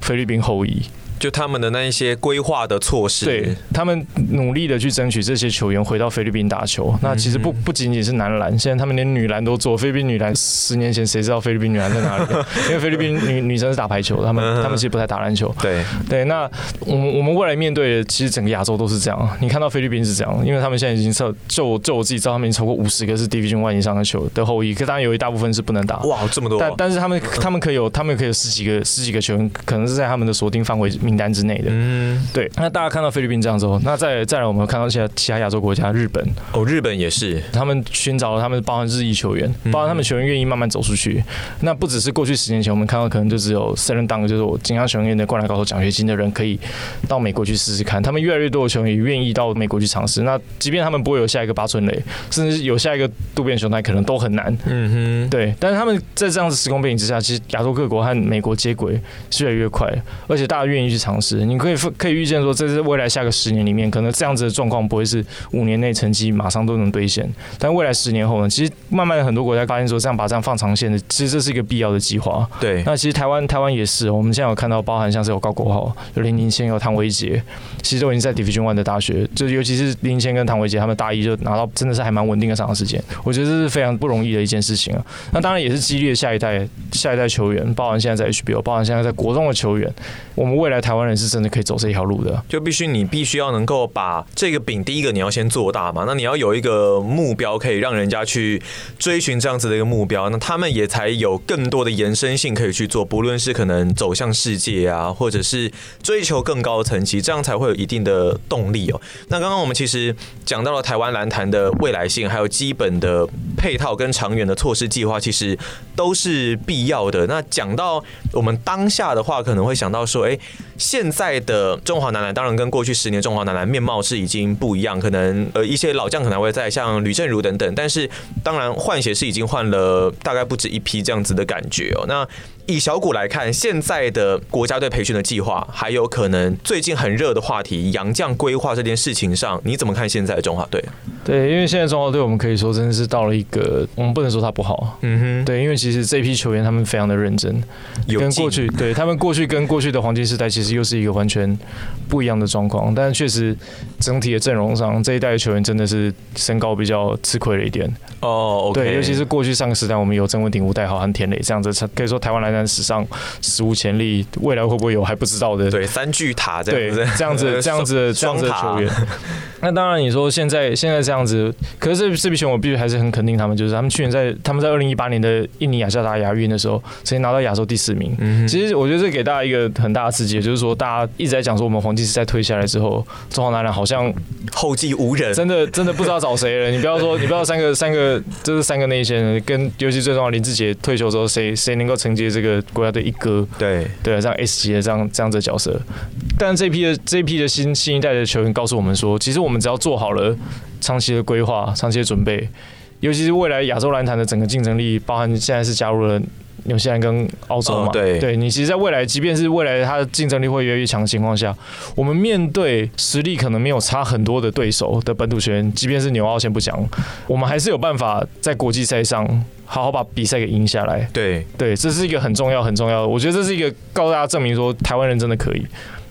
菲律賓後裔。就他們的那一些規劃的措施，對，他們努力的去爭取這些球員回到菲律賓打球，嗯嗯。那其實不不僅僅是男籃，現在他們連女籃都做。菲律賓女籃十年前誰知道菲律賓女籃在哪裡？ 因為菲律賓女 女生是打排球的，他們、嗯、他們其實不太打籃球。對對，那我們我們未來面對的其實整個亞洲都是這樣。你看到菲律賓是這樣，因為他們現在已經測，就就我自己知道，他們已經超過五十個是 Division One 以上的球的後裔。可當然有一大部分是不能打。哇，這麼多、啊！但但是他們他們、嗯、他們可以有，他們可以有十幾個十幾個球員，可能是在他們的鎖定範圍。名單之內的，嗯，對。那大家看到菲律賓這樣之後，那再來再來我們看到一些其他亞洲國家，日本哦，日本也是，他們尋找了他們包含日裔球員，包含他們球員願意慢慢走出去、嗯。那不只是過去十年前我們看到可能就只有三人當，就是我經常學鷹的灌籃高手獎學金的人可以到美國去試試看，他們越來越多的球員願意到美國去嘗試。那即便他們不會有下一個八村壘，甚至是有下一個渡邊雄太，可能都很難。嗯哼，對。但是他們在這樣子時空背景之下，其實亞洲各國和美國接軌是越來越快，而且大家願意，嘗試，你可以可以預見說，這是未來下個十年裡面，可能這樣子的狀況不會是五年內成績馬上都能兌現。但未來十年後呢？其實慢慢的，很多國家發現說，這樣把這樣放長線的，其實這是一個必要的計劃。對，那其實台灣台灣也是，我們現在有看到，包含像是有高國豪有林林謙、有, 00000, 有唐維傑，其實都已經在 Division One 的大學，就尤其是林林謙跟唐維傑，他們大一就拿到真的是還蠻穩定的長長時間，我覺得這是非常不容易的一件事情啊。那當然也是激勵下一代下一代球員，包含現在在 HBO，包含現在在國中的球員。我們未來台灣人是真的可以走這條路的，就必須你必須要能夠把這個餅，第一個你要先做大嘛，那你要有一個目標，可以讓人家去追尋這樣子的一個目標，那他們也才有更多的延伸性可以去做，不論是可能走向世界啊，或者是追求更高層級，這樣才會有一定的動力哦。那剛剛我們其實講到了台灣籃壇的未來性，還有基本的配套跟長遠的措施計劃，其實都是必要的。那講到我們當下的話，可能會想到說。誒，現在的中華男籃當然跟過去十年的中華男籃面貌是已經不一樣，可能呃一些老將可能會在像呂政儒等等，但是當然換血是已經換了大概不止一批這樣子的感覺哦，那。以小古來看，現在的國家隊培訓的計劃，還有可能最近很熱的話題“洋將歸化”這件事情上，你怎麼看現在的中華隊？對，因為現在中華隊，我們可以說真的是到了一個，我們不能說他不好，嗯哼，對，因為其實這批球員他們非常的認真，有跟過去對他們過去跟過去的黃金世代其實又是一個完全不一樣的狀況，但確實整體的陣容上這一代的球員真的是身高比較吃虧了一點哦、okay，對，尤其是過去上個時代我們有曾文鼎、吳岱豪和田磊這樣子，可以說台灣籃。但史上史無前例，未來會不會有還不知道的？對，三巨塔這樣子。對，這樣子，這樣子，的樣子的球員。那當然，你說現在現在這樣子，可是這筆錢我必須還是很肯定他們，就是他們去年在他們在二零一八年的印尼雅加達亞運的時候，曾經拿到亞洲第四名。嗯。其實我覺得這給大家一個很大的刺激，就是說大家一直在講說我們黃金時代退下來之後，中華男籃好像後繼無人，真的真的不知道找誰了。 你不要說，你不要三個三個，這、就是三個那些人跟尤其最重要林志杰退休之後，誰誰能夠承接這個？一個國家的一哥，對對，讓 S 級的這樣這樣子的角色，但這批的這批的新新一代的球員告訴我們說，其實我們只要做好了長期的規劃、長期的準備，尤其是未來亞洲籃壇的整個競爭力，包含現在是加入了。紐西蘭跟澳洲嘛，哦對，對，你其實在未來，即便是未來他的競爭力會越來越強的情況下，我們面對實力可能沒有差很多的對手的本土球員，即便是紐澳先不講，我們還是有辦法在國際賽上好好把比賽給贏下來。對對，這是一個很重要很重要的，我覺得這是一個告訴大家證明說台灣人真的可以。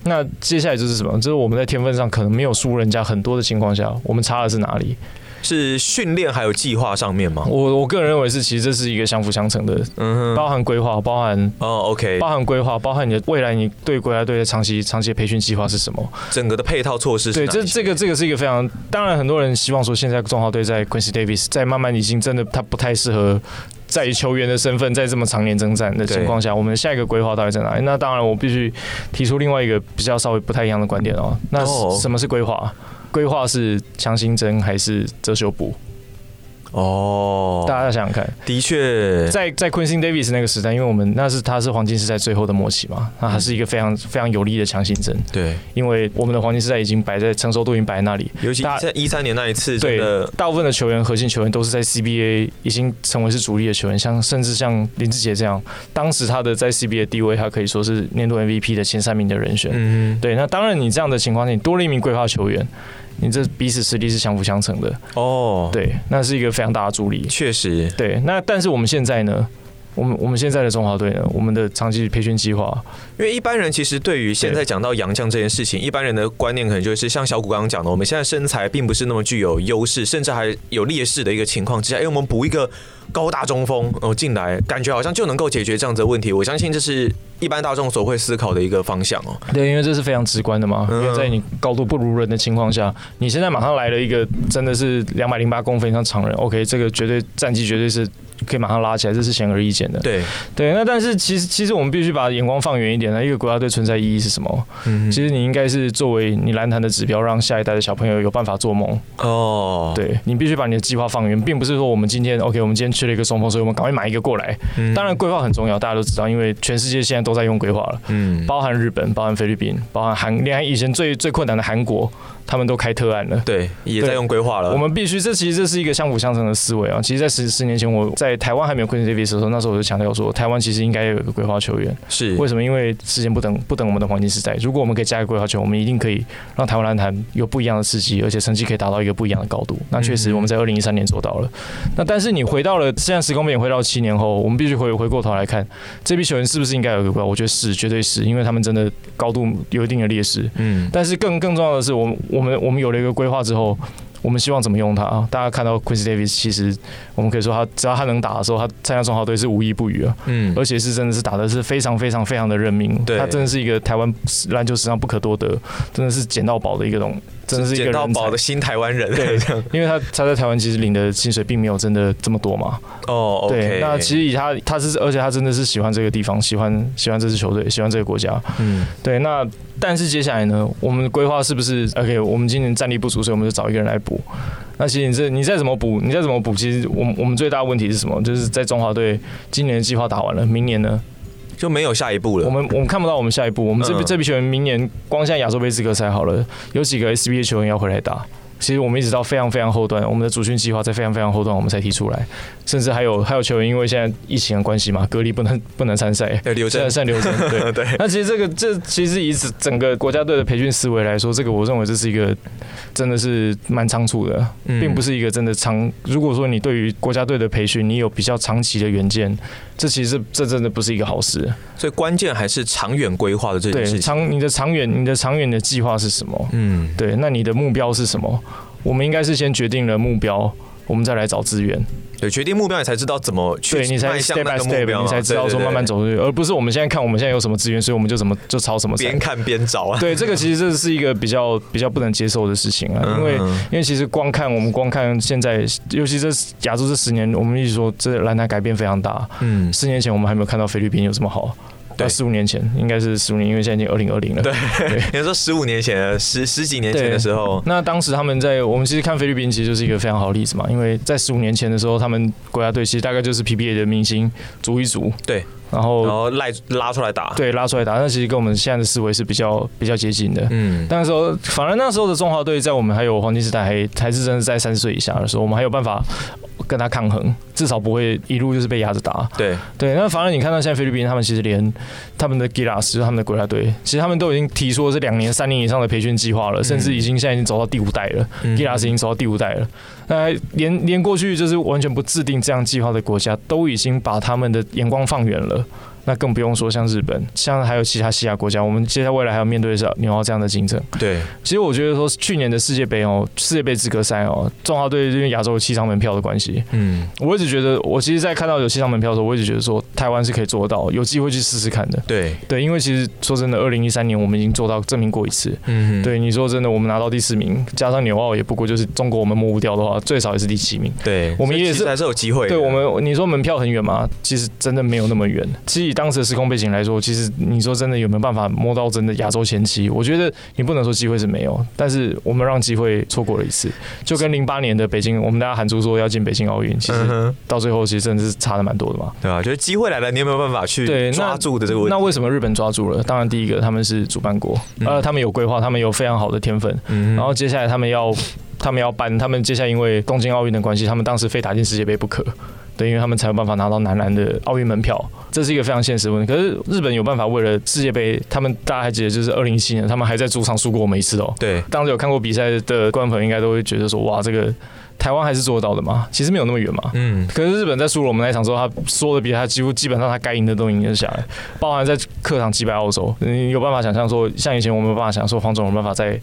那接下來就是什麼？就是我們在天分上可能沒有輸人家很多的情況下，我們差的是哪裡？是訓練還有計劃上面嗎？我我個人認為是，其實這是一個相輔相成的，嗯哼，包含規劃，包含哦、oh，OK，包含規劃，包含你的未來，你對國家隊的長期長期的培訓計劃是什麼？整個的配套措施？對，這這個這個是一個非常，當然很多人希望說，現在中華隊在 Quincy Davis 在慢慢已經真的他不太適合在球員的身份在這麼長年征戰的情況下，我們下一個規劃到底在哪裡？那當然我必須提出另外一個比較稍微不太一樣的觀點哦。那什麼是規劃？Oh. 歸化是強心針還是遮羞布？哦、oh,，大家想想看，的確，在在 Quincy Davis 那個時代，因為我們那是他是黃金時代最後的默契嘛，嗯、那還是一個非常非常有利的強心針。對，因為我們的黃金時代已經擺在成熟度已經擺在那裡，尤其在一三年那一次的，對，大部分的球員，核心球員都是在 CBA 已經成為是主力的球員，像甚至像林志杰這樣，當時他的在 CBA 的地位，他可以說是年度 MVP 的前三名的人選。嗯對，那當然你這樣的情況下，你多了一名歸化球員。你這彼此實力是相輔相成的哦，oh, 對，那是一個非常大的助力，確實。對，那但是我們現在呢，我們我們現在的中華隊呢，我們的長期培訓計劃，因為一般人其實對於現在講到洋將這件事情，一般人的觀念可能就是像小古剛剛講的，我們現在身材並不是那麼具有優勢，甚至還有劣勢的一個情況之下，因、欸、為我們補一個。高大中鋒哦，進來感覺好像就能夠解決這樣子的問題。我相信這是一般大眾所會思考的一個方向哦。對，因為這是非常直觀的嘛。嗯、因為在你高度不如人的情況下，你現在馬上來了一個真的是兩百零八公分以上長人，OK，這個絕對戰績絕對是可以馬上拉起來，這是顯而易見的。對對，那但是其實其實我們必須把眼光放遠一點啊。那一個國家隊存在意義是什麼？嗯、其實你應該是作為你籃壇的指標，讓下一代的小朋友有辦法做夢哦。對你必須把你的計劃放遠，並不是說我們今天 OK，我們今天去。去了一個中鋒，所以我們趕快買一個過來。嗯、當然，歸化很重要，大家都知道，因為全世界現在都在用歸化了，嗯，包含日本，包含菲律賓，包含韓，連以前最最困難的韓國，他們都開特案了，對，對也在用歸化了。我們必須，這其實這是一個相輔相成的思維啊。其實，在十十年前，我在台灣還沒有 Quincy Davis 的時候，那時候我就強調說，台灣其實應該要有一個歸化球員。是為什麼？因為時間不等不等我們的黃金時代，如果我們可以加一個歸化球，我們一定可以讓台灣籃壇有不一樣的刺激，而且成績可以達到一個不一樣的高度。嗯、那確實，我們在二零一三年做到了。那但是你回到了。現在時光點回到七年後，我們必須回回過頭來看，這批球員是不是應該有個歸化？我覺得是，絕對是，因為他們真的高度有一定的劣勢。嗯，但是更更重要的是，我們我們我們有了一個歸化之後，我們希望怎麼用他。大家看到 Quincy Davis，其實我們可以說他，只要他能打的時候，他參加中華隊是無役不與啊。嗯，而且是真的是打的是非常非常非常的認命。對，他真的是一個台灣籃球史上不可多得，真的是撿到寶的一個東西真的是一個撿到寶的新台灣人。對，因為他他在台灣其實領的薪水並沒有真的這麼多嘛。哦，對，那其實以他他是，而且他真的是喜歡這個地方，喜歡喜歡這支球隊，喜歡這個國家。嗯，對，那但是接下來呢，我們的規劃是不是？OK，我們今年戰力不足，所以我們就找一個人來補。那其實你這你再怎麼補，你再怎麼補，其實我們我們最大的問題是什麼？就是在中華隊今年的計劃打完了，明年呢？就沒有下一步了。我們我們看不到我們下一步。我們這、嗯、這批球員明年光下亞洲盃資格賽好了，有幾個 SBL 球員要回來打。其實我們一直到非常非常後端，我們的主訓計劃在非常非常後端我們才提出來，甚至還有還有球員因為現在疫情的關係嘛，隔離不能不能參賽，現在算留人，對 對。那其實這個這其實以整整個國家隊的培訓思維來說，這個我認為這是一個真的是蠻倉促的，嗯，並不是一個真的長。如果說你對於國家隊的培訓，你有比較長期的遠見，這其實這真的不是一個好事。所以關鍵還是長遠規劃的這件事情。對，長你的長遠你的長遠的計劃是什麼？嗯，對。那你的目標是什麼？我們應該是先決定了目標，我們再來找資源。對，決定目標你才知道怎麼去邁向那個目標，你才, step by step, 目標你才知道說慢慢走出去，而不是我們現在看我們現在有什麼資源，所以我們就怎麼就抄什麼。邊看邊找啊。對，這個其實這是一個比較比較不能接受的事情啊，嗯嗯因為因為其實光看我們光看現在，尤其這亞洲這十年，我們一直說這籃壇改變非常大。嗯，四年前我們還沒有看到菲律賓有這麼好。對，十五年前，應該是十五年，因為現在已經二零二零了。對，對 你說十五年前十十幾年前的時候，那當時他們在我們其實看菲律賓，其實就是一個非常好的例子嘛，因為在十五年前的時候，他們國家隊其實大概就是 PBA 的明星組一組，對，然後然後賴拉出來打，對，拉出來打，那其實跟我們現在的思維是比較比較接近的。嗯，但是說反而那時候的中華隊在我們還有黃金時代還是，還還是真的在三十歲以下的時候，我們還有辦法跟他抗衡，至少不會一路就是被壓着打。對對，那反而你看到現在菲律賓，他們其實連他們的 GILAS 就是他們的國家隊，其實他們都已經提出了這兩年、三年以上的培訓計劃了、嗯，甚至已經現在已經走到第五代了、嗯、GILAS 已經走到第五代了。那連連過去就是完全不制定這樣計劃的國家，都已經把他們的眼光放遠了。那更不用說像日本，像還有其他西亞國家，我們接下來未來還要面對一下紐澳這樣的競爭。對，其實我覺得說去年的世界盃哦、喔，世界盃資格賽哦、喔，中華隊因為亞洲有七張門票的關係，嗯，我一直覺得，我其實在看到有七張門票的時候，我一直覺得說台灣是可以做到，有機會去試試看的。對，對，因為其實說真的，二零一三年我們已經做到，證明過一次。嗯哼，對，你說真的，我們拿到第四名，加上紐澳也不過就是中國我們摸不掉的話，最少也是第七名。對，我們也是還是有機會的。對我們，你說門票很遠嗎？其實真的沒有那麼遠。當時的時空背景來說，其實你說真的有沒有辦法摸到真的亞洲前期？我覺得你不能說機會是沒有，但是我們讓機會錯過了一次，就跟零八年的北京，我們大家喊出說要進北京奧運，其實到最後其實真的是差的蠻多的嘛。嗯、對啊，覺得機會來了，你有沒有辦法去抓住的這個問題？那，那為什麼日本抓住了？當然，第一個他們是主辦國，呃，他們有規劃，他們有非常好的天分，嗯、然後接下來他們要。他們要搬，他們接下來因為東京奧運的關係，他們當時非打進世界盃不可，對，因為他們才有辦法拿到男籃的奧運門票。這是一個非常現實的問題。可是日本有辦法為了世界盃，他們大家還記得就是二零一七年，他們還在主場輸過我們一次哦。對，當時有看過比賽的觀眾朋友應該都會覺得說，哇，這個台灣還是做得到的嘛，其實沒有那麼遠嘛。嗯。可是日本在輸了我們那一場之後，他說的比他幾乎基本上他該贏的都贏了下來，包含在客場擊敗澳洲，你有辦法想象說，像以前我們有辦法想說黃總有辦法在。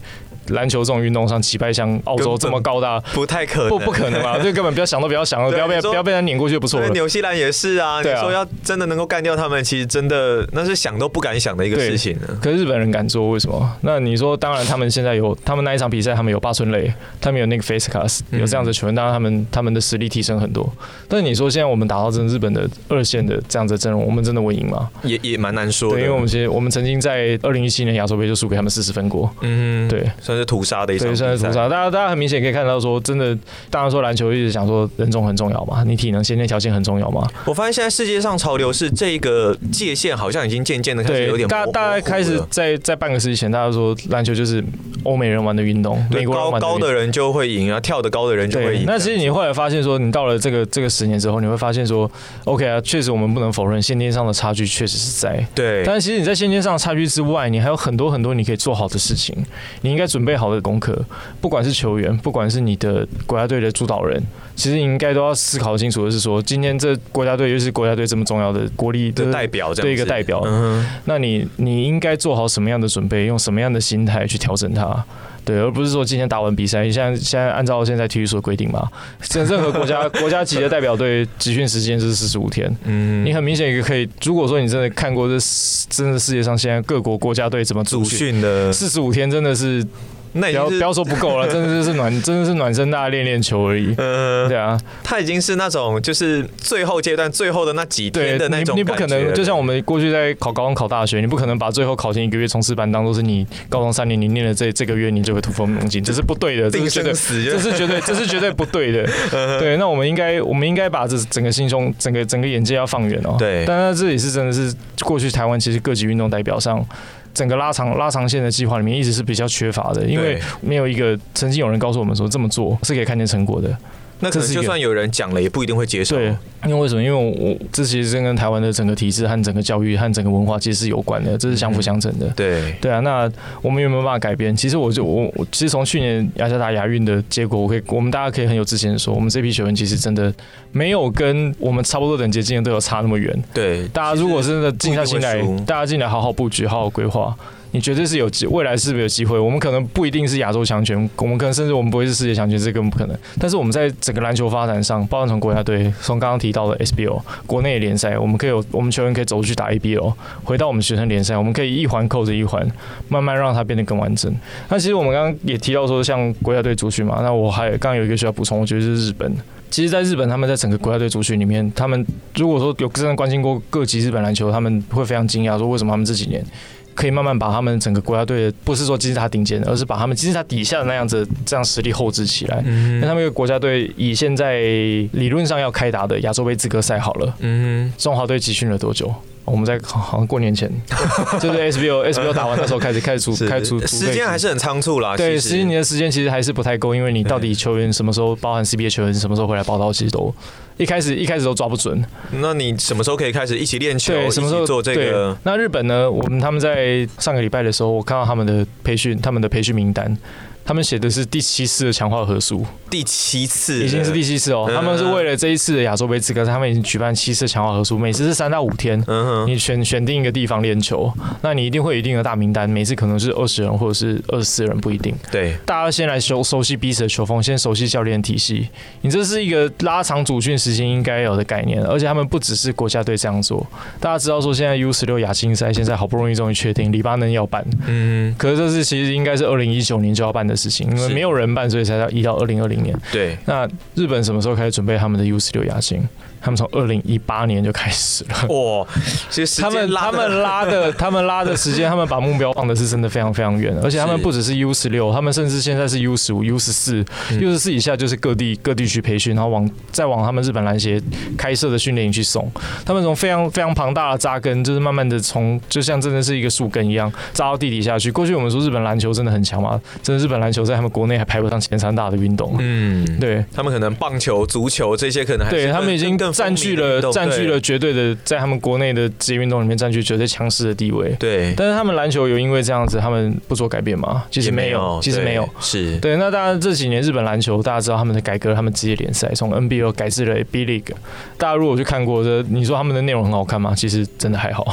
籃球這種運動，上，擊敗像澳洲這麼高大，不太可能，不不可能嘛，啊，就根本不要想，都不要想了，啊，不要被不要被他碾過去就不，不錯。紐西蘭也是啊。對，說要真的能夠幹掉他們，其實真的那是想都不敢想的一個事情。可是日本人敢做，為什麼？那你說，當然他們現在有 他們那一場比賽，他們有八村壘，他們有那個 Fazekas，嗯、有這樣的球員，當然他們他們的實力提升很多。但你說現在我們打到這日本的二線的這樣子的陣容，我們真的會贏嗎？也也蠻難說的，因為我們其實我們曾經在二零一七年亞洲杯就輸給他們四十分過。嗯，對。是屠殺的一些是屠殺。大家，大家很明顯可以看到，說真的，大家說籃球一直想說人種很重要嘛，你體能先天條件很重要嘛。我發現現在世界上潮流是這個界限好像已經漸漸的開始有點大，大概開始在在半個世紀前，大家說籃球就是歐美人玩的運動對，美國人玩的運動。對，高高的人就會贏啊，跳得高的人就會贏。那其實你後來發現說，你到了這個這個十年之後，你會發現說，OK 啊，確實我們不能否認先天上的差距確實是在。對，但是其實你在先天上的差距之外，你還有很多很多你可以做好的事情，你應該準。準備好的功課，不管是球員，不管是你的國家隊的主導人，其實你應該都要思考清楚的是說，今天這國家隊又是國家隊這麼重要的國力的代表，對一個代表，嗯、那你你應該做好什麼樣的準備，用什麼樣的心態去調整它？對，而不是說今天打完比賽，像現，現在按照現在體育署的規定嘛，任、任何國家、國家級的代表隊集訓時間就是四十五天。嗯，你很明顯也可以，如果說你真的看過這，真的世界上現在各國國家隊怎麼組訓的，四十五天，真的是。那不要不要說不夠了，真的就是暖， 真的是暖，真的是暖身，大家練練球而已，呃。對啊，他已經是那種就是最後階段，最後的那幾天的那種對。你你不可能就像我們過去在考高中、考大學，你不可能把最後考前一個月衝刺班當做是你高中三年你念了這這個月你就會突飛猛進，這 是不對的。就是，這是絕對，這是絕對，這是絕對不對的。 對，那我們應該，我們應該把這整個心胸、整個整個眼界要放遠哦。對，但是這裡是真的是過去台灣其實各級運動代表上。整個拉長拉長線的計劃裡面，一直是比較缺乏的，因為沒有一個曾經有人告訴我們說這麼做是可以看見成果的。那可是就算有人講了，也不一定會接受。對，因為為什麼？因為我這其實是跟台灣的整個體制和整個教育和整個文化其實是有關的，這是相輔相成的。嗯。對，對啊。那我們有沒有辦法改變？其實我就我，我其實從去年雅加達亞運的結果，我可以我們大家可以很有自信的說，我們這批球員其實真的沒有跟我們差不多等級今年都有差那麼遠。對，大家如果真的靜下心來，大家進來好好布局，好好規劃。你絕對是有機，未來是不是有機會？我們可能不一定是亞洲強權，我們可能甚至我們不會是世界強權，這根本不可能。但是我們在整個籃球發展上，包含從國家隊，從剛剛提到的 SBL 國內聯賽，我們可以有我們球員可以走出去打 ABL，回到我們學生聯賽，我們可以一環扣着一環，慢慢讓它變得更完整。那其實我們剛剛也提到說，像國家隊族群嘛，那我還剛剛有一個需要補充，我覺得是日本。其實，在日本，他們在整個國家隊族群裡面，他們如果說有真的關心過各級日本籃球，他們會非常驚訝，說為什麼他們這幾年。可以慢慢把他們整個國家隊的，不是說金字塔頂尖的，而是把他們金字塔底下的那樣子這樣實力厚植起來。那、嗯、他們一個國家隊，以現在理論上要開打的亞洲杯資格賽好了，嗯哼，中華隊集訓了多久？.我們在好，好像過年前， 就是 SBL SBL 打完的時候開始開始組開始組，時間還是很倉促了。對，十一年的時間其實還是不太夠，因為你到底球員什麼時候，包含 CBA 球員什麼時候回來報到，其實都一開始一開始都抓不準。那你什麼時候可以開始一起練球？對，什麼時候做這個？那日本呢？我們他們在上個禮拜的時候，我看到他們的培訓，他們的培訓名單。他們寫的是第七次的強化合宿，第七次，已經是第七次哦、喔嗯嗯。他們是為了這一次的亞洲杯資格，他們已經舉辦七次強化合宿，每次是三到五天。嗯哼，你選選定一個地方練球，那你一定會有一定的大名單，每次可能是二十人或者是二十四人，不一定。對,大家先來熟熟悉彼此的球風，先熟悉教練體系。你這是一個拉長主訓時間應該有的概念，而且他們不只是國家隊這樣做。大家知道說現在 U 十六亞青賽現在好不容易終於確定，黎巴嫩要辦。嗯，可是這次其實應該是二零一九年就要辦的事情，因為沒有人辦，所以才要移到二零二零年。對，那日本什麼時候開始準備他們的 U 16亞青？他們從二零一八年就開始了、哦，哇！其實他們他們拉的 他們拉的時間，他們把目標放的是真的非常非常遠，而且他們不只是 U 十六，他們甚至現在是 U 十五、U 十四、U 十四以下，就是各地各地區培訓，然後往再往他們日本籃協開設的訓練營去送。他們從非常非常龐大的扎根，就是慢慢的從就像真的是一個樹根一樣扎到地底下去。過去我們說日本籃球真的很強嘛、啊？真的日本籃球在他們國內還排不上前三大的運動、啊。嗯，對他們可能棒球、足球這些可能還是。對他們已經更。跟占據了占據了絕對的，在他們國內的職業運動裡面占據絕對強勢的地位。對，但是他們籃球有因為這樣子，他們不做改變嗎？其實沒有，其實沒有。對沒有是對。那當然這幾年日本籃球，大家知道他們的改革，他們職業聯賽從 NBL 改制了 B League。大家如果去看過的，你說他們的內容很好看嗎？其實真的還好。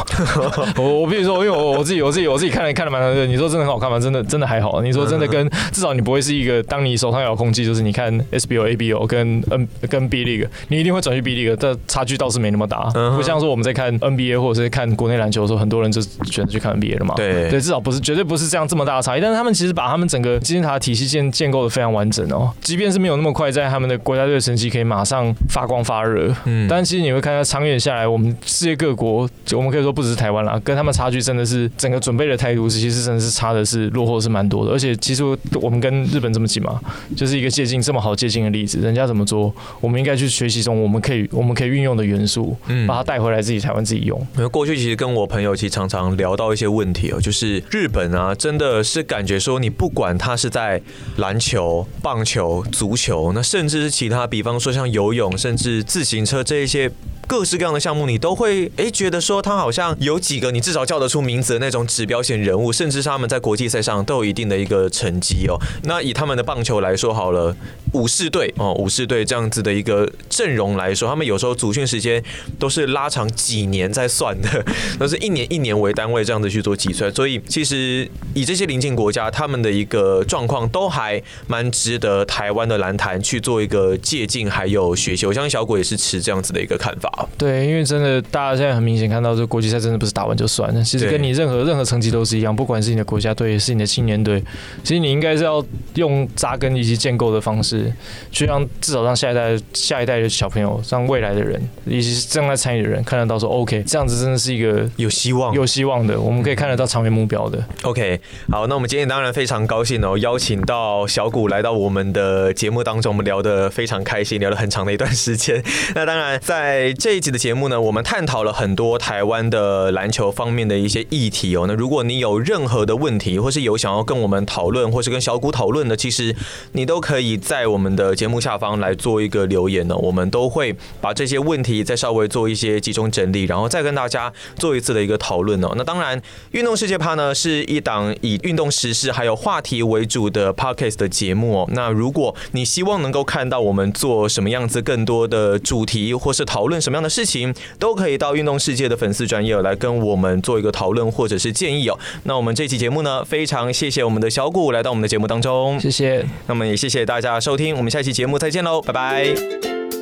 我 我比如說，因為我我自己我自己我自己看了看了蠻多的，你說真的很好看嗎？真的真的還好。你說真的跟、嗯、至少你不會是一個，當你手上遙控器就是你看 SBL、ABL 跟 N 跟 B League，你一定會轉去 B League。的差距倒是沒那麼大，uh -huh. 不像說我們在看 NBA 或者是看國內籃球的時候，很多人就選擇去看 NBA 了嘛。對，對至少不是絕對不是這樣這麼大的差異。但是他們其實把他們整個金字塔的體系建建構的非常完整哦，即便是沒有那麼快在他們的國家隊成績可以馬上發光發熱，嗯，但是其實你會看到長遠下來，我們世界各國，我們可以說不只是台灣了，跟他們差距真的是整個準備的態度其實真的是差的是落後是蠻多的。而且其實我們跟日本這麼近嘛，就是一個借鏡這麼好借鏡的例子，人家怎麼做，我們應該去學習中，我們可以。我們可以運用的元素，嗯，把它帶回來自己台灣自己用。那、嗯嗯、過去其實跟我朋友其實常常聊到一些問題哦，就是日本啊，真的是感覺說你不管他是在籃球、棒球、足球，那甚至是其他，比方說像游泳，甚至自行車這一些各式各樣的項目，你都會哎、欸、覺得說他好像有幾個你至少叫得出名字的那種指標型人物，甚至是他們在國際賽上都有一定的一個成績哦。那以他們的棒球來說好了，武士隊哦，武士隊這樣子的一個陣容來說，他們。有時候組訓時間都是拉長幾年再算的，那是一年一年為單位這樣子去做計算。所以其實以這些鄰近國家他們的一個狀況都還蠻值得台灣的籃壇去做一個借鑑還有學習。我相信小古也是持這樣子的一個看法。對，因為真的大家現在很明顯看到，這國際賽真的不是打完就算。其實跟你任何任何成績都是一樣，不管是你的國家隊也是你的青年隊，其實你應該是要用扎根以及建構的方式，去讓至少讓下一代下一代的小朋友讓未來的人以及正在參與的人看得到說 OK，這樣子真的是一個有希望、有希望的，我們可以看得到長遠目標的。OK，好，那我們今天當然非常高興哦，邀請到小古來到我們的節目當中，我們聊得非常開心，聊了很長的一段時間。那當然，在這一集的節目呢，我們探討了很多台灣的籃球方面的一些議題哦。那如果你有任何的問題，或是有想要跟我們討論，或是跟小古討論的，其實你都可以在我們的節目下方來做一個留言呢、哦，我們都會。把這些問題再稍微做一些集中整理，然後再跟大家做一次的一個討論哦。那當然，運動世界趴呢是一檔以運動時事還有話題為主的 Podcast 的節目。那如果你希望能夠看到我們做什麼樣子更多的主題，或是討論什麼樣的事情，都可以到運動世界的粉絲專頁來跟我們做一個討論，或者是建議哦。那我們這期節目呢，非常謝謝我們的小古來到我們的節目當中，謝謝。那麼也謝謝大家收聽，我們下期節目再見嘍，拜拜。